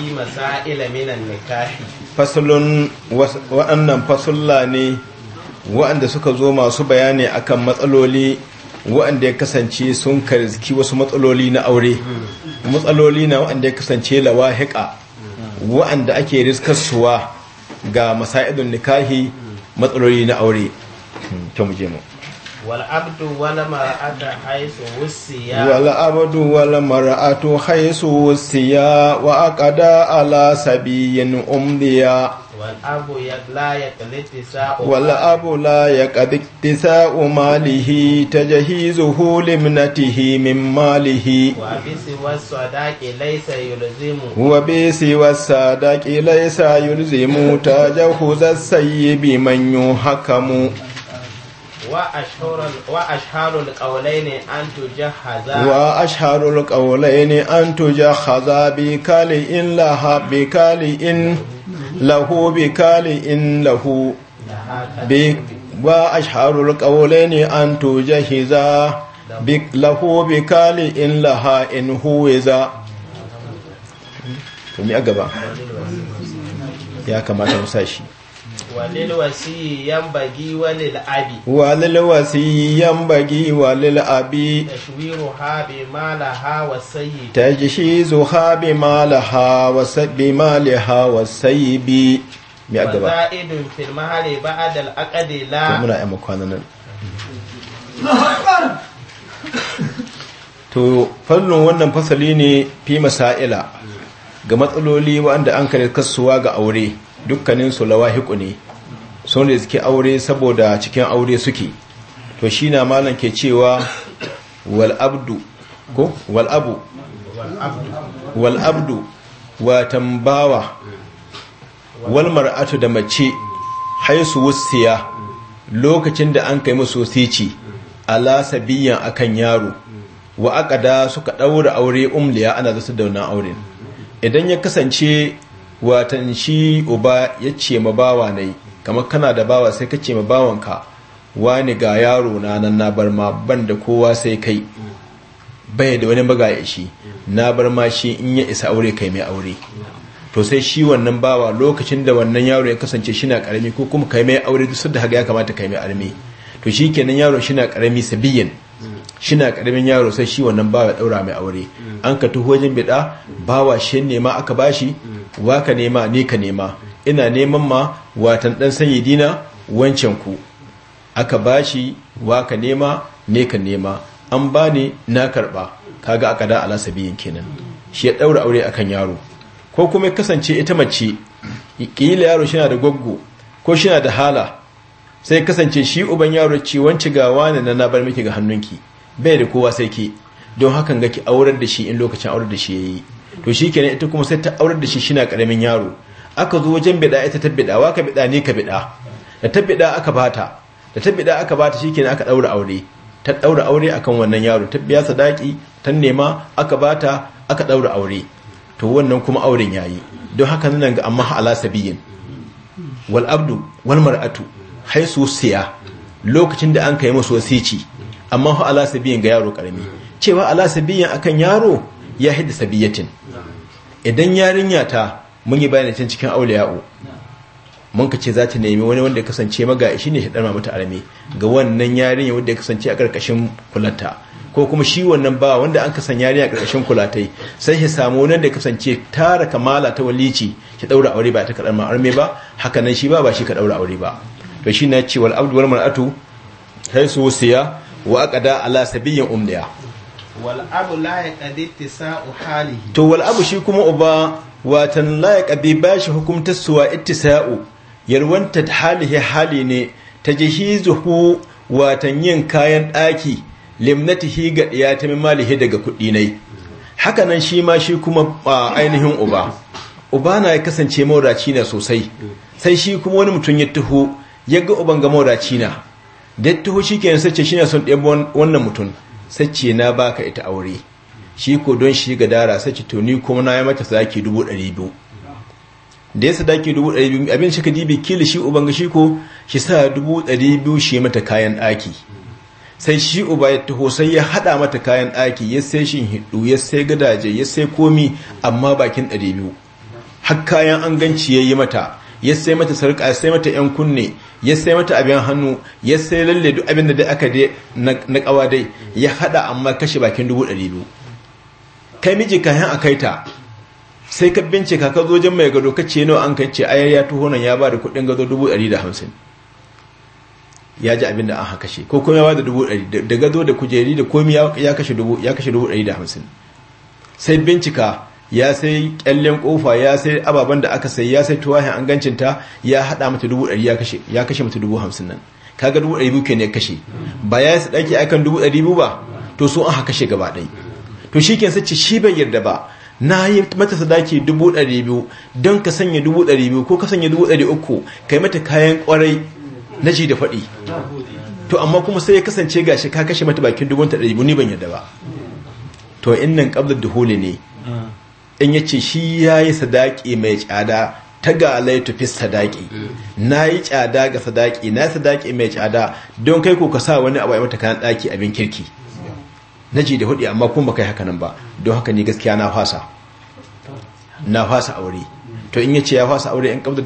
fi masa'ila fasalun wa'annan fasulla ne wa'anda suka zo masu bayani akan matsaloli wa'anda ya kasance sun karziki wasu matsaloli na aure hmm. matsaloli na wa'anda ya kasance lawahiqa hmm. wa'anda ake riskarsuwa ga masa'idun nikahi hmm. matsaloli na aure ta wal'abdu wala mara'atu haisu wusiya wa aka da ala sabi yin umdiya wal'abu la ya kadi malihi, ta jahi zuhu limnatihi min malihi wa bisi wasa da ke laisa yulzimu ta jahu zassayi bi manyu hakamu wa ashharul qawlaini an tujahhaza wa ashharul qawlaini an tujahhaza bi kali in lahu bi kali in lahu bi wa ashharul an bi lahu bi kali in laha in to mi agaba ya kamata walil wasi yanbagi walil abi walil walil abi tashwiru ha bi malaha malaha mi agaba muna yan makwana to fannin wannan fasali ne fi masaila ga matsaloli wanda an kare kasuwa ga aure dukkaninsu lawahiku ne sun suke aure saboda cikin aure suke to shi na malam ke cewa wal'abdu ko wal'abu wal'abdu watan bawa walmar'atu da mace haisu wussiya lokacin da an kai musu sici ala sabiyan akan yaro wa aqada suka ɗaura aure umliya ana zasu dauna auren idan ya kasance watan shi uba ya ce ma bawa ne kama kana da bawa sai ka ce ma bawanka wani ga yaro na nan na bar ma ban da kowa sai kai bai da wani magaya shi na bar ma shi in ya isa aure kai mai aure to sai shi wannan bawa lokacin da wannan yaro ya kasance shi na karami ko kuma kai mai aure duk da haka ya kamata kai mai armi to shi kenan yaro shi na karami sabiyin shi na karamin yaro sai shi wannan bawa daura mai aure an ka tuhojin bida bawa shi ne ma aka bashi wa ka nema ni ka nema ina neman ma watan dan sanyi dina wancan ku aka bashi wa ka nema ne ka nema an bani na karba kaga aka da ala sabiyin kenan shi ya daura aure akan yaro ko kuma kasance ita mace kila yaro shi na da goggo ko shi na da hala sai kasance shi uban yaro ce wanci ga wani na na bar miki ga hannunki bai da kowa sai ki don hakan ga ki aurar da shi in lokacin aurar da shi ya yi. to shi kenan ita kuma sai ta aurar da shi shina karamin yaro aka zo wajen bida ita ta bida wa ka bida ne ka bida da ta bida aka bata da ta bida aka bata shi kenan aka daura aure ta daura aure akan wannan yaro ta biya sadaki ta nema aka bata aka daura aure to wannan kuma auren yayi don haka nan ga amma ala sabiyin wal abdu wal mar'atu haisu siya lokacin da an kai musu wasici amma ala sabiyin ga yaro karami cewa ala sabiyin akan yaro ya hidda sabiyatin idan yarinya ta mun yi bayanin can cikin auliya'u mun ka ce za ta nemi wani wanda ya kasance maga shi ne shaɗar mata arme ga wannan yarinya wanda ya kasance a ƙarƙashin kulanta ko kuma shi wannan ba wanda an kasan yarinya a ƙarƙashin kulatai sai ya samu wani da ya kasance tara kamala ta walici shi ɗaura aure ba ta kaɗar arme ba haka nan shi ba ba shi ka ɗaura aure ba to shi na cewa abdu wal mar'atu sai su wusiya wa aqada ala sabiyyin umdiya wal'abu la shi kuma uba watan la ya ba shi suwa ittisa'u yalwanta halihi hali ne ta jihizuhu watan yin kayan ɗaki limnatihi ga ya ta malihi daga kuɗi nai haka nan shi ma shi kuma ainihin uba uba na ya kasance mauraci na sosai sai shi kuma wani mutum ya tuhu ya ga uban ga mauraci na da ya shi ke shi na son ɗaya wannan mutum sace na baka ita aure shi ko don shi ga dara sace to ni kuma na yi mata sadaki 200 da ya sadaki 200 abin shi ka dibi kila shi uban ga shi ko shi sa 200 shi mata kayan daki sai shi uba ya taho sai ya hada mata kayan daki ya sai shin hidu ya sai gadaje ya sai komi amma bakin 200 har kayan an ganci yi mata ya sai mata sarka ya sai mata ƴan kunne ya sai mata abin hannu ya sai lalle duk abin da dai aka dai na kawa dai ya hada amma kashe bakin dubu ɗari biyu kai miji ka hin a kaita sai ka bincika ka zo jan mai gado ka ce nawa an kai ce ayar ya tuho nan ya ba da kuɗin gado dubu ɗari da hamsin ya ji abin da an haka shi ko kuma ya ba da dubu ɗari da gado da kujeri da komi ya kashe dubu ɗari da hamsin sai bincika ya sai kyallen kofa ya sai ababen da aka sai ya sai tuwahin an gancinta ya hada mata dubu dari ya kashe mata dubu hamsin nan kaga dubu dari biyu ke ne kashe ba ya sai ɗaki aikan dubu dari biyu ba to su an haka kashe gaba ɗai to shi ke sace shi bai yarda ba na yi mata sadaki dubu dari biyu don ka sanya dubu dari biyu ko ka sanya dubu dari uku ka yi mata kayan kwarai na ji da faɗi to amma kuma sai ya kasance gashi ka kashe mata bakin dubu ta ɗari biyu ni ban yarda ba to in nan ƙabdar da ne ah. in yace shi ya yi sadaki mai tsada ta ga fi sadaki na yi tsada ga sadaki na yi sadaki mai tsada don kai ko ka wani abu a mata kan daki abin kirki na ji da hudu amma kuma kai haka ba don haka ni gaskiya na fasa na fasa aure to in yace ya fasa aure in kabda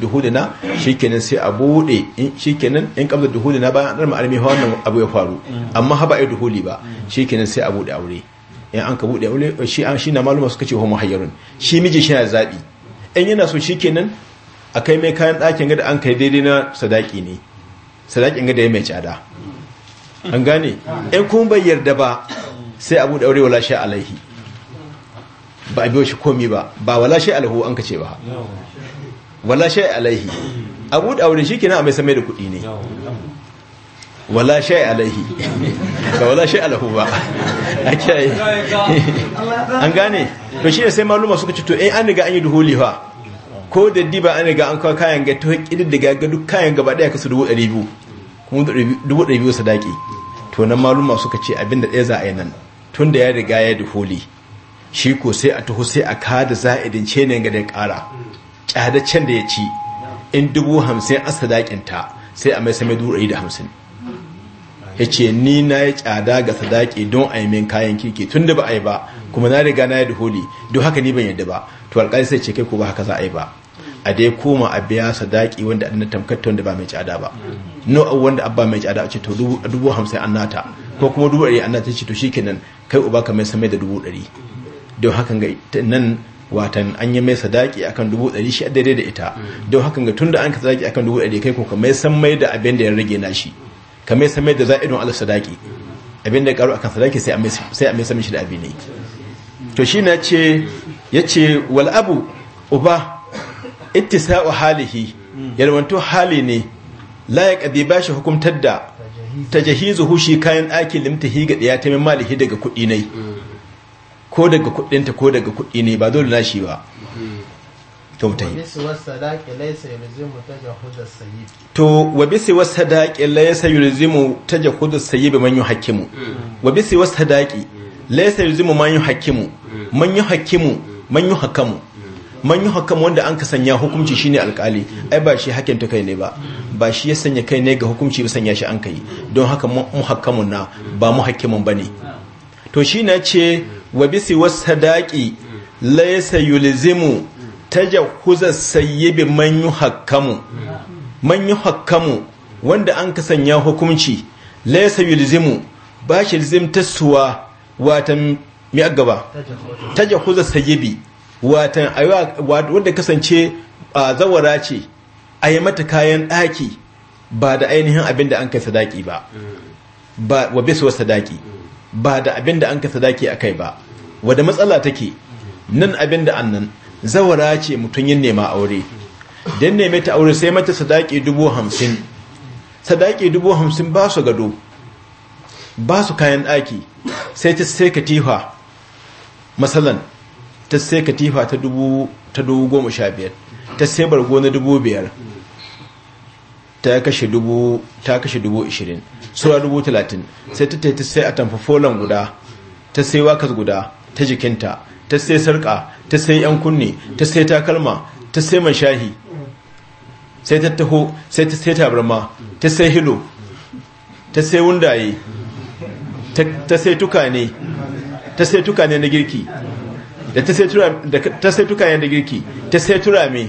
shi kenan sai a shi kenan in kabda na bayan an darma armi wannan abu ya faru amma haba ai duhuli ba kenan sai a buɗe aure in an ka buɗe aure shi an shi na maluma suka ce homo hayyarun shi miji shi na zaɓi in yana so shi kenan a kai mai kayan ɗakin gada an kai daidai na sadaki ne sadakin gada ya mai tsada an gane in kun bai yarda ba sai abu da aure wala shi alaihi ba a biyo shi komi ba ba wala shi alaihu an ka ce ba wala shi alaihi abu da aure shi kenan a mai same da kuɗi ne wala shay alaihi ka wala shay alahu ba akai an gane to shi ne sai maluma suka ce to eh an riga an yi duhuli fa ko da diba an riga an kawo kayan ga to ta kididdiga ga duk kayan gaba daya kasu 200 kuma 200 sadaki to nan maluma suka ce abinda ɗaya za a yi nan tun da ya riga ya duhuli shi ko sai a taho sai a kada za'idin ce ne ga da kara kyadaccen da ya ci in dubu hamsin a sadakinta sai a mai same dubu ɗari da hamsin ya ce ni na yi tsada ga sadaki don aimin min kayan kirki tun da ba a yi ba kuma na riga na yi da holi don haka ni ban yadda ba to alƙali sai ce kai ko ba haka za a yi ba a dai koma a biya sadaki wanda a tamkatta wanda ba mai tsada ba no wanda abba mai tsada a ce to dubu hamsin an nata ko kuma dubu ɗari an nata ce to shikenan kai uba ka mai samai da dubu ɗari don haka ga nan watan an yi mai sadaki akan dubu ɗari shi daidai da ita don haka ga tunda an ka sadaki akan dubu ɗari kai ko ka mai san mai da abin da ya rage na shi kamar mai samar da za'idun ala sadaki abin da karu akan sadaki sai a mai sami shi da abin yake to shi na ce ya ce wal'abu uba uba ittisa'u halihi yalwanto hali ne layaka bai ba shi hukumtar da ta jahizu shi kayan ɗakin limtahi ga ɗaya ta min malihi daga kuɗi ne ko daga kuɗinta ko daga kuɗi ne ba dole na shi ba tautayi to wa bisi wasadaqi laysa ta jahudu sayi bi man hakimu wa bisi wasadaqi laysa yulzimu man hakimu hmm. man hakimu man hakamu hmm. manyu yuhakkamu wanda an ka sanya hukunci shine alkali hmm. ai ba shi hakin ta kai ne ba ba shi ya sanya kai ne ga hukunci ba sanya shi an kai don haka muhakkamun na ba muhakkimun bane to shi na ce wa bisi wasadaqi laysa yulzimu tajahuzar sayyibi manyu hakkamu manyu hakkamu wanda an ka sanya hukunci laysa yulzimu ba shi lizimtasuwa watan mi gaba tajahuzar sayyabi watan wanda kasance a zawara ce a yi mata kayan ɗaki ba da ainihin abin da an kai sadaki ba wa bisuwar sadaki ba da abin da an kai sadaki a kai ba wada matsala take nan abin da annan zawara ce mutum yin nema aure don neme ta aure sai mata sadaki dubu hamsin sadaki dubu hamsin ba su gado ba su kayan ɗaki sai ta sai katifa matsalan ta sai katifa ta dubu goma sha biyar ta sai bargo na dubu biyar ta kashe dubu ta kashe dubu ishirin tsura dubu talatin sai ta ta sai a tamfafolan guda ta sai wakas guda ta jikinta ta sai sarka ta sai yan kunne ta sai takalma ta sai man shahi sai ta taho sai ta sai tabarma ta sai hilo ta sai wundaye ta sai tukane ta sai tukane na girki da ta sai tukane na girki ta sai turame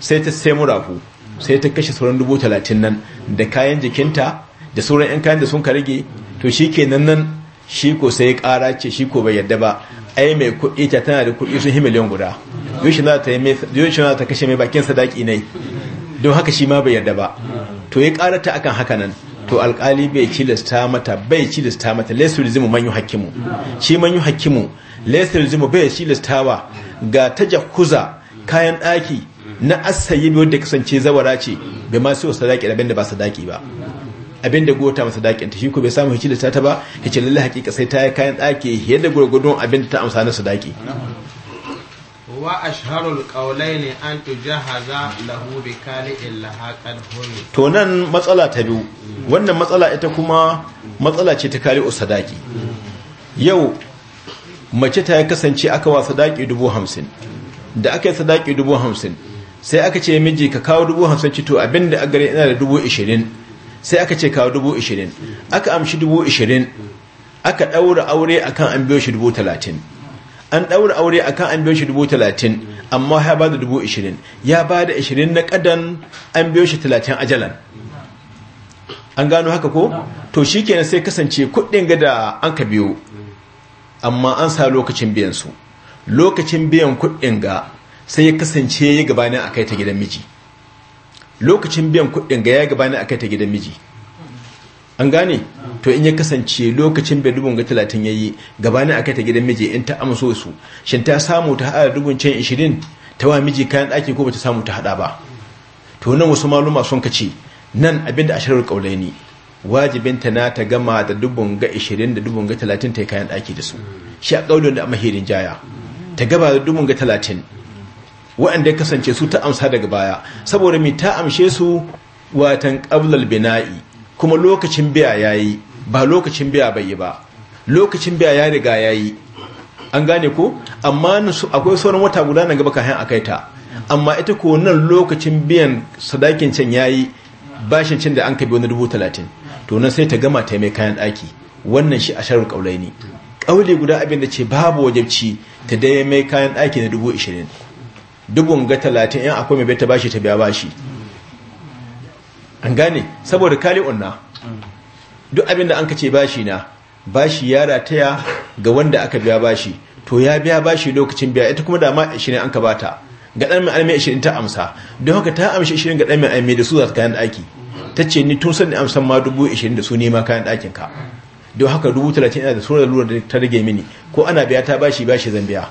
sai ta sai murafu sai ta kashe sauran dubu talatin nan da kayan jikinta da sauran 'yan kayan da sun ka rage to shi nan nan shi ko sai ƙara ce shi ko bai yadda ba ai mai kuɗi ta tana da kuɗi sun yi miliyan guda yoshi na ta kashe mai bakin sadaki ne don haka shi ma bai yarda ba to ya karata akan haka nan to alkali bai cilasta mata bai cilasta mata laisar zimu manyu hakimu shi manyu hakimu laisar zimu bai wa ga tajakuza kayan ɗaki na asayi wadda kasance zawara ce bai ma siyo sadaki abin da ba sadaki ba abin da gota masa dakin ta shi ko bai samu hici da ta ba hici lalle hakika sai ta yi kayan daki yadda gurgudun abin da ta amsa na sadaki wa asharul qawlayn an tujahaza lahu bi illa haqad humi to nan matsala ta biyu wannan matsala ita kuma matsala ce ta kali sadaki yau mace ta kasance aka wa sadaki dubu hamsin da aka yi sadaki dubu hamsin sai aka ce miji ka kawo dubu hamsin to abinda a gare ina da dubu ishirin sai aka ce kawo dubu ishirin aka amshi dubu ishirin aka ɗaura aure akan an biyo shi dubu talatin an ɗaura aure akan an biyo shi dubu talatin amma ya ba da dubu ishirin ya ba da ishirin na ƙadan an biyo shi talatin ajalan an gano haka ko to shi kenan sai kasance kuɗin gada an ka biyo amma an sa lokacin biyan su lokacin biyan kuɗin ga sai ya kasance ya gabanin a kai ta gidan miji lokacin biyan kuɗin ga ya gabani akai ta gidan miji an gane to in ya kasance lokacin bai dubun ga talatin ya yi gabani akai ta gidan miji in ta amso su shin ta samu ta hada dubun can ishirin ta wa miji kayan ɗaki ko bata samu ta hada ba to nan wasu maluma sun kace nan abinda a shirar wajibin wajibinta na ta gama da dubun ga ishirin da dubun ga talatin ta yi kayan ɗaki da su shi a ƙaulon da mahirin jaya ta gaba da dubun ga talatin waɗanda ya kasance su ta amsa daga baya saboda mai ta amshe su watan ƙablal bina'i kuma lokacin biya ya yi ba lokacin biya bai yi ba lokacin biya ya riga ya yi an gane ko amma akwai sauran wata guda na gaba kayan akai ta amma ita ko nan lokacin biyan sadakin can ya yi bashin can da an kabi wani dubu talatin to nan sai ta gama ta mai kayan ɗaki wannan shi a sharar ƙaulai ne ƙauli guda abin da ce babu wajabci ta dai mai kayan ɗaki na dubu ishirin dubun ga talatin yan akwai mai ta bashi ta biya bashi an gane saboda kali unna duk abinda an kace bashi na bashi ya rataya ga wanda aka biya bashi to ya biya bashi lokacin biya ita kuma dama ne an ka bata ga dan mai almi 20 ta amsa don haka ta amshi 20 ga dan mai almi da su za ta kayan daki tace ni tun san ni amsan ma 20 da su ne ma kayan dakin ka don haka 30 ina da da lura da ta rage mini ko ana biya ta bashi bashi zan biya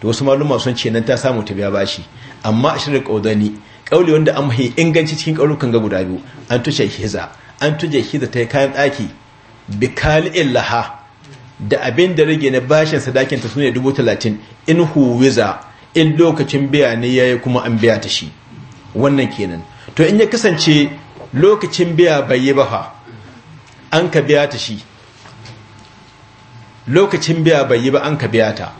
to wasu maluma sun ce nan ta samu ta biya bashi amma a shirin ƙaudani ƙaule wanda an mahi inganci cikin ƙaurukan ga guda biyu an tushe hiza an tuje hiza ta yi kayan ɗaki. bi kal'in laha da abin da rage na bashin sadakin ta sune talatin. in huwiza in lokacin biya ne ya yi kuma an biya ta shi wannan kenan to in ya kasance lokacin biya bai yi ba fa an ka biya ta shi lokacin biya bai yi ba an ka biya ta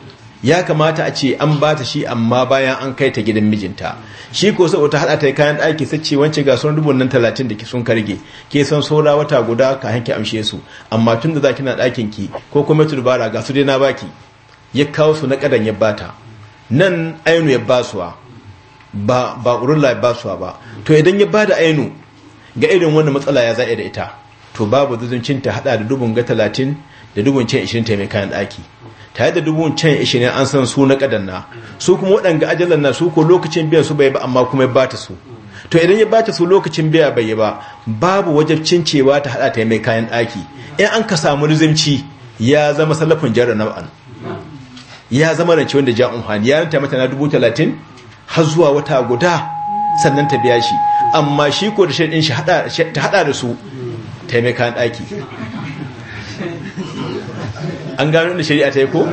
ya kamata a ce an ba ta shi amma bayan an kai ta gidan mijinta shi ko sai ta hada ta kayan ɗaki sai ce wance ga sun rubun nan 30 da ki sun karge ke san saura wata guda ka hanki amshe su amma tun da zaki na dakin ki ko kuma turbara ga su dai na baki ya kawo su na kadan ya bata nan ainu ya basuwa ba ba urulla ya basuwa ba to idan ya ba da ainu ga irin wannan matsala ya za'i da ita to babu zuzuncin ta hada da dubun ga 30 da dubun ce 20 ta mai kayan ɗaki. tare da dubu can ne an san su na kadanna su kuma waɗanga ajalan na su ko lokacin biyan su bai ba amma kuma ya bata su to idan ya bata su lokacin biya bai ba babu wajabcin cewa ta hada ta mai kayan ɗaki in an ka samu rizimci ya zama salafin jara nau'an ya zama rance wanda ja umhani ya ranta mata na dubu talatin har zuwa wata guda sannan ta biya shi amma shi ko da shaɗin ta hada da su ta mai kayan ɗaki an gano da shari'a ta yi ko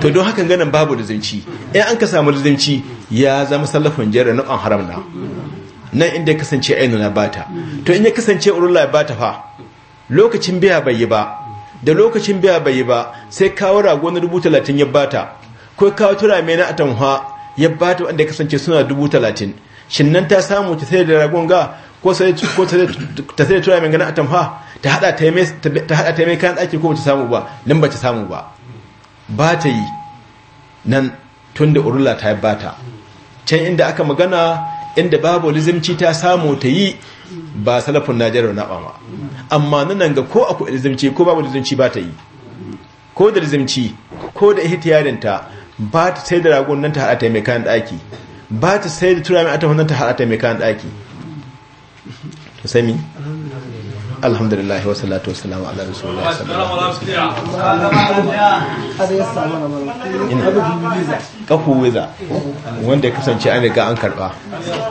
to don hakan ganin babu da zanci in an ka samu da zanci ya zama sallafin jere na haram na nan inda ya kasance ainihin na bata to in ya kasance urula bata fa lokacin biya bai yi ba da lokacin biya bai yi ba sai kawo rago na dubu talatin ya bata ko kawo tura mai na atamuwa ya bata wanda ya kasance suna dubu talatin shin nan ta samu ta sai da ragon ga ko ta sai tura mai na atamuwa ta hada ta mai kayan tsaki ko bata samu ba nan bata samu ba ba ta yi nan tun da urula ta yi bata can inda aka magana inda babu lizimci ta samu ta yi ba salafin najeriya na bama. amma nan ga ko akwai lizimci ko babu lizimci ba ta yi ko da lizimci ko da ihtiyarinta ba ta sai da ragon nan ta hada ta mai kayan tsaki ba ta sai da turami a ta ta hada ta mai kayan tsaki sami alhamdulillah wa salatu salamu ala rasulillah kahu wiza wanda ya kasance an riga an karba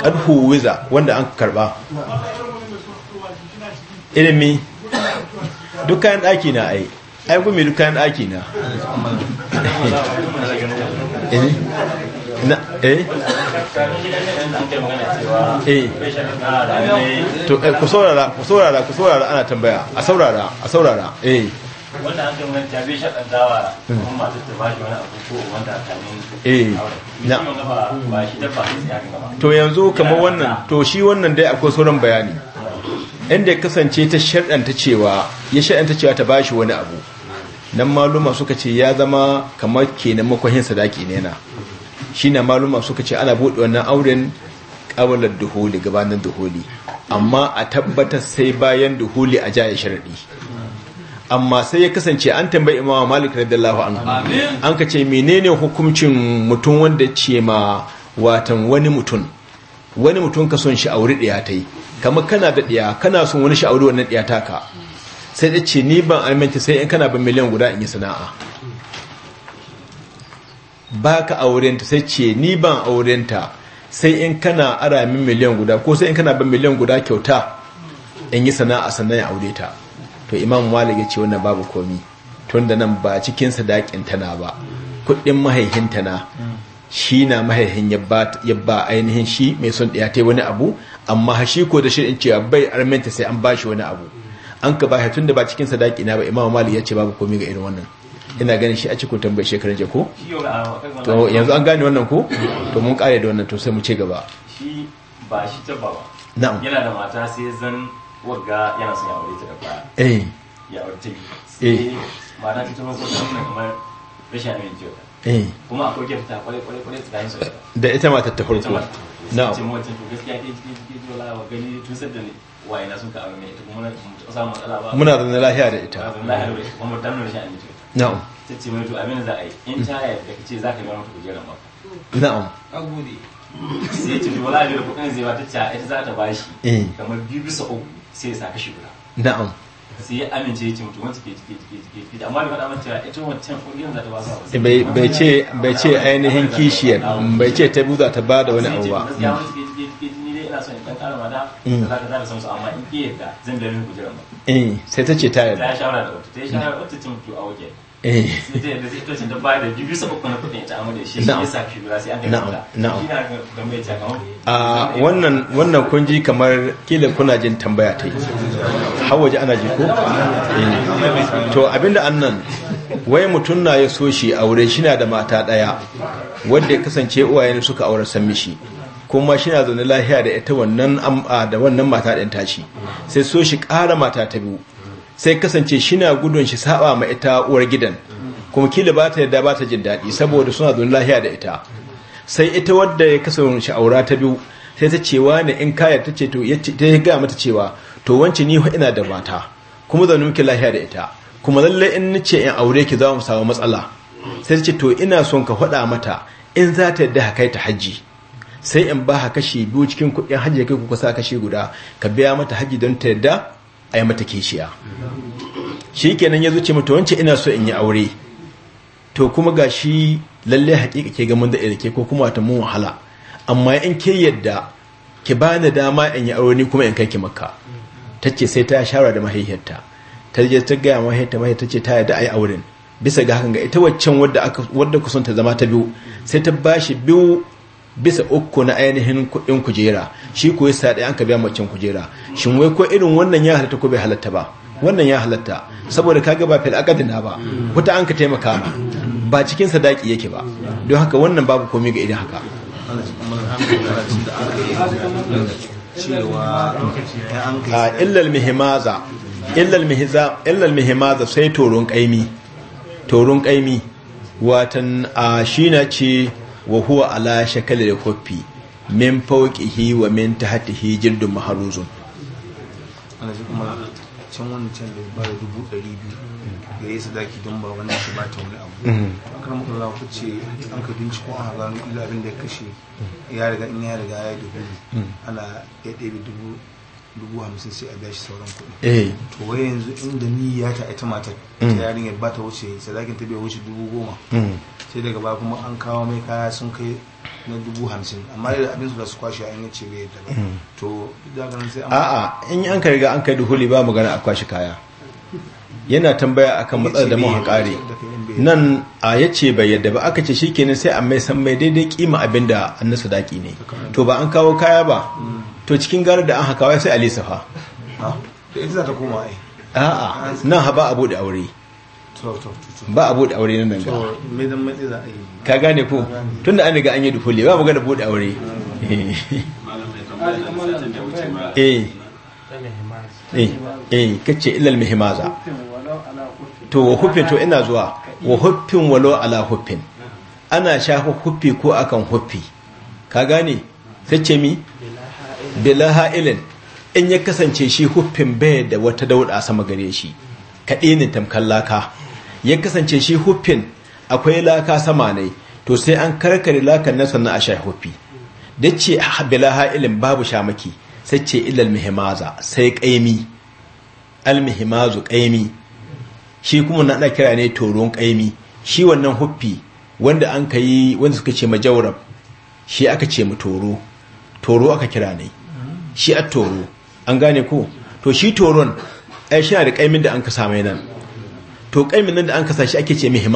kahu wiza wanda an karba ilimi dukkan daki na ai ai kuma dukkan daki na eh? na eh eh to eh, ku saurara ku saurara ku saurara ana tambaya a saurara a saurara eh wanda an kan ta bi shaɗan dawa kuma masu ta bashi wani abu ko wanda a kamin eh na ba shi dabba sai ya gaba to yanzu kamar wannan to shi wannan dai akwai sauran bayani inda ya kasance ta shaɗanta cewa ya shaɗanta cewa ta bashi wani abu nan maluma suka ce ya zama kamar kenan makwahin sadaki ne na shi na maluma suka ce ana buɗe wannan auren ƙawalar duhuli gabanin duhuli amma a tabbatar sai bayan duhuli a jaya sharaɗi amma sai ya kasance an tambayi imama malik radiyallahu anhu an ka ce menene hukuncin mutum wanda ce ma watan wani mutum wani mutum ka son sha'auri ɗaya ta yi kama kana da ɗaya kana son wani sha'auri aure wannan ɗaya ka sai da ce ni ban aminci sai in kana ban miliyan guda in yi sana'a ba ka aurenta sai ce ni ban aurenta sai in kana aramin min miliyan guda ko sai in kana ban miliyan guda kyauta in yi sana'a sannan ya aure ta to imam malik ya ce wannan babu komi tun da nan ba cikin sadakin tana ba kuɗin mahaihin tana shi na mahaihin ya ba ainihin shi mai son ya ta wani abu amma shi ko da shirin cewa bai arminta sai an ba shi wani abu an ka ba tun da ba cikin sadakina ba imam malik ya ce babu komi ga irin wannan ina ganin shi a cikin tambayar shekaran je ko to yanzu an gane wannan ko to mun kare da wannan to sai mu ce gaba shi ba shi ta baba. na'am yana da mata sai zan wagga yana son ya aure ta da baya eh ya aure ta eh mata ta tabbata kuma kamar rashin amincewa eh kuma akwai fita kwale kwale kwale tsakanin su da ita ma ta farko na'am ce mutum to gaskiya ke ke jola wa gani tun sadda ne waye na suka aure ne ita kuma na samu matsala ba muna da lafiya da ita muna lafiya da ita kuma dan rashin amincewa na'am ta ce mai to abin da za a yi in ta za ka kujerar maka na'am a sai ce to wala da kuɗin zai ba ta ita za ta bashi eh. kamar biyu bisa uku sai ya sa kashi guda na'am sai ya amince ya ce mutum wata ke jike jike jike jike amma da faɗa mata ita wancan kuɗin za ta ba su eh, bai bai ce ainihin kishiyar bai ce ta buza ta ba da wani abu ba ni ina son in ka mm. san su amma in zan ba eh, sai ta ce ta yarda ta shawara da wata ta shawara wata ta mutu a wajen. Eh. Ah, wannan kunji kamar kila kuna jin tambaya ta yi hawaje ana ji eh. to abinda an nan, wai mutum na ya so shi aure shi na da mata daya wadda ya kasance uwayen suka aure san mishi kuma shi zaune lahiya da ita wannan ah, da wannan mata ɗin tashi sai so shi ƙara mata ta biyu sai kasance shi na gudun shi saba ma ita uwar gidan kuma kila ba ta yadda ba ta jin daɗi saboda suna zuwa lahiya da ita sai ita wadda ya kasance aura ta biyu sai ta cewa ne in kaya ta ce to ta ga mata cewa to wance ni ina da mata kuma zan miki lahiya da ita kuma lalle in ce in aure ki za mu samu matsala sai ta ce to ina son ka faɗa mata in za ta yadda haka ta hajji sai in ba kashi biyu cikin kuɗin hajji kai kuka sa kashi guda ka biya mata hajji don ta yadda a yi mata kishiya shi kenan ya zuce mata wance ina so in yi aure to kuma ga shi lallai haƙiƙa ke gamin da irke ko kuma ta mun wahala amma in ke yadda ki ba ni dama in yi aure ni kuma in kai ki makka ta ce sai ta shara da mahaihiyarta ta je ta gaya mahaihiyarta mahaihiyarta ce ta yadda a yi auren bisa ga hakan ga ita waccan wadda kusanta zama ta biyu sai ta bashi biyu bisa uku na ainihin kudin kujera shi ko yasa ɗaya an ka biya macen kujera shin wai ko irin wannan ya halatta ko bai halatta ba wannan ya halatta saboda kaga ba fil akadina ba wata an ka taimaka ma ba cikin sadaki yake ba don haka wannan babu komai ga idan haka illal mihimaza sai torun kaimi torun kaimi watan a ce wa huwa ala shakalil kuffi min fawqihi wa min tahtihi jildun mahruzun kuma can can da ba da dubu ɗari biyu da ya sadaki don ba shi ba ta wani abu mm-hmm. a kan muka ku ce a da ya kashe ya riga mm-hmm. ana dubu hamsin sai a biya shi sauran kuɗi eh. to wai yanzu inda niyya ta ita matar ta mm. yarinyar ba ta wuce sadakin ta bai wuce dubu goma mm. sai daga baya kuma an kawo mai kaya sun kai na dubu hamsin amma da abin su da su kwashe an yi ce bai yadda ba mm. to da ganin sai a'a in an ka riga an kai duhuli ba magana a kwashe kaya yana tambaya akan matsalar da mun haƙari nan a yace bai yadda ba aka ce shikenan sai a mai san mai daidai kima abinda annasu daki ne to ba an kawo kaya ba to cikin garar da an haka wai sai alisa fa da ita za ta koma ai a'a nan ha ba abu da aure ba abu da aure nan nan ga ka gane ko tunda an riga an yi dufule ba da bude aure eh. eh eh kace illal mihimaza to wa huffin to ina zuwa wa huffin walo ala huffin ana sha huffi ko akan huffi ka gane sai ce mi bila ha'ilin in ya kasance shi hufin bai da wata dauda sama gare shi kaɗe ne tamkar laka ya kasance shi hufin akwai laka sama ne to sai an karkari lakan na sannan a sha huffi da ce bila ha'ilin babu shamaki sai ce ilal mihimaza sai ƙaimi almihimazu ƙaimi shi kuma na kira ne toron ƙaimi shi wannan huffi wanda an ka yi wanda suka ce majawrab shi aka ce mu toro toro aka kira ne shi a toro an gane ko to shi toron ai shi da kaimin da an ka nan to kaimin nan da an ka sa shi ake ce mai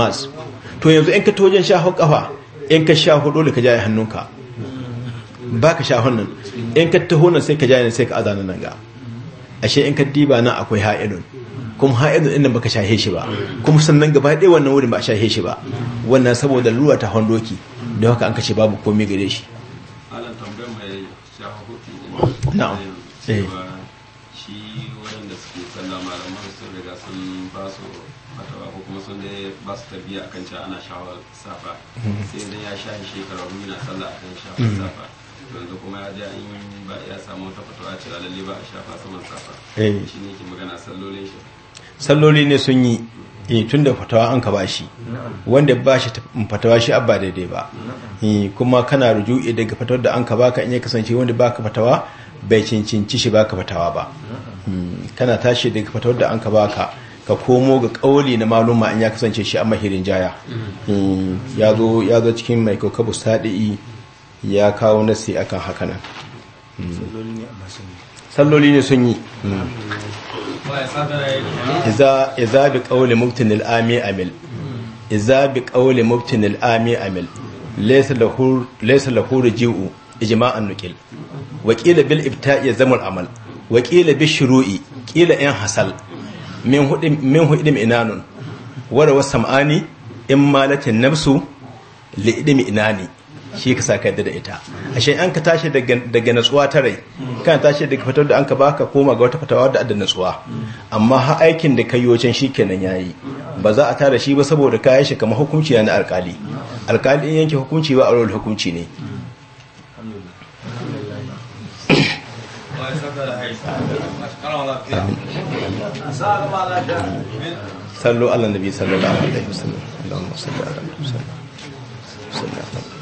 to yanzu in ka tojen sha kafa in ka sha hudu ka jaye hannunka ba ka sha hannun in ka taho nan sai ka jaye sai ka azana nan ga ashe in ka diba nan akwai ha'idun kuma ha'ilun inda baka shahe shi ba kuma sannan gaba ɗaya wannan wurin ba a shahe shi ba wannan saboda lura ta hondoki da haka an kashe babu komai gare shi na'am shi suke sallah malaman sun riga sun ba su fatawa ko kuma sun dai ba su tarbiya ana shawar safa mm-hmm. sai dai ya sha shekaru yana akan shawar mm-hmm. safa yanzu kuma ya ba ya samu wata fatawa cewa lalle ba a shafa saman safa eh. shi ne ke magana sallolin shi salloli ne sun yi mm. eh tunda fatawa an ka bashi wanda bashi fatawa shi abba daidai ba eh, kuma kana ruju'i daga fatawar da an ka baka in ya kasance wanda baka fatawa bai cincinci shi baka fatawa ba hmm, kana tashi daga fatawar da an ka ba ka komo ga kauli na maluma in ya kasance shi a mahirin jaya hmm, ya zo cikin mai kokabu sadi ya kawo nasi akan hakanan hmm. salloli ne sun iza iza bi qawli mubtin al-ami amil iza bi qawli mubtin al-ami amil laysa lahu laysa lahu ruji'u ijma'an nuqil wa qila bil ibta'i zamul amal wa qila bi shuru'i qila in hasal min hudim min hudim inanun wara wasam'ani in malatin nafsu li idim inani shi ka sa ka yadda da ita ashe an ka tashi daga natsuwa ta rai kan tashi daga fitar da an ka baka koma ga wata fatawa da adda natsuwa amma ha aikin da kai wacan shi kenan yayi ba za a tara shi ba saboda ka shi kamar hukunci na alkali alkali in yanke hukunci ba a rawar hukunci ne sallu Allah النبي صلى الله عليه وسلم اللهم صل على النبي صلى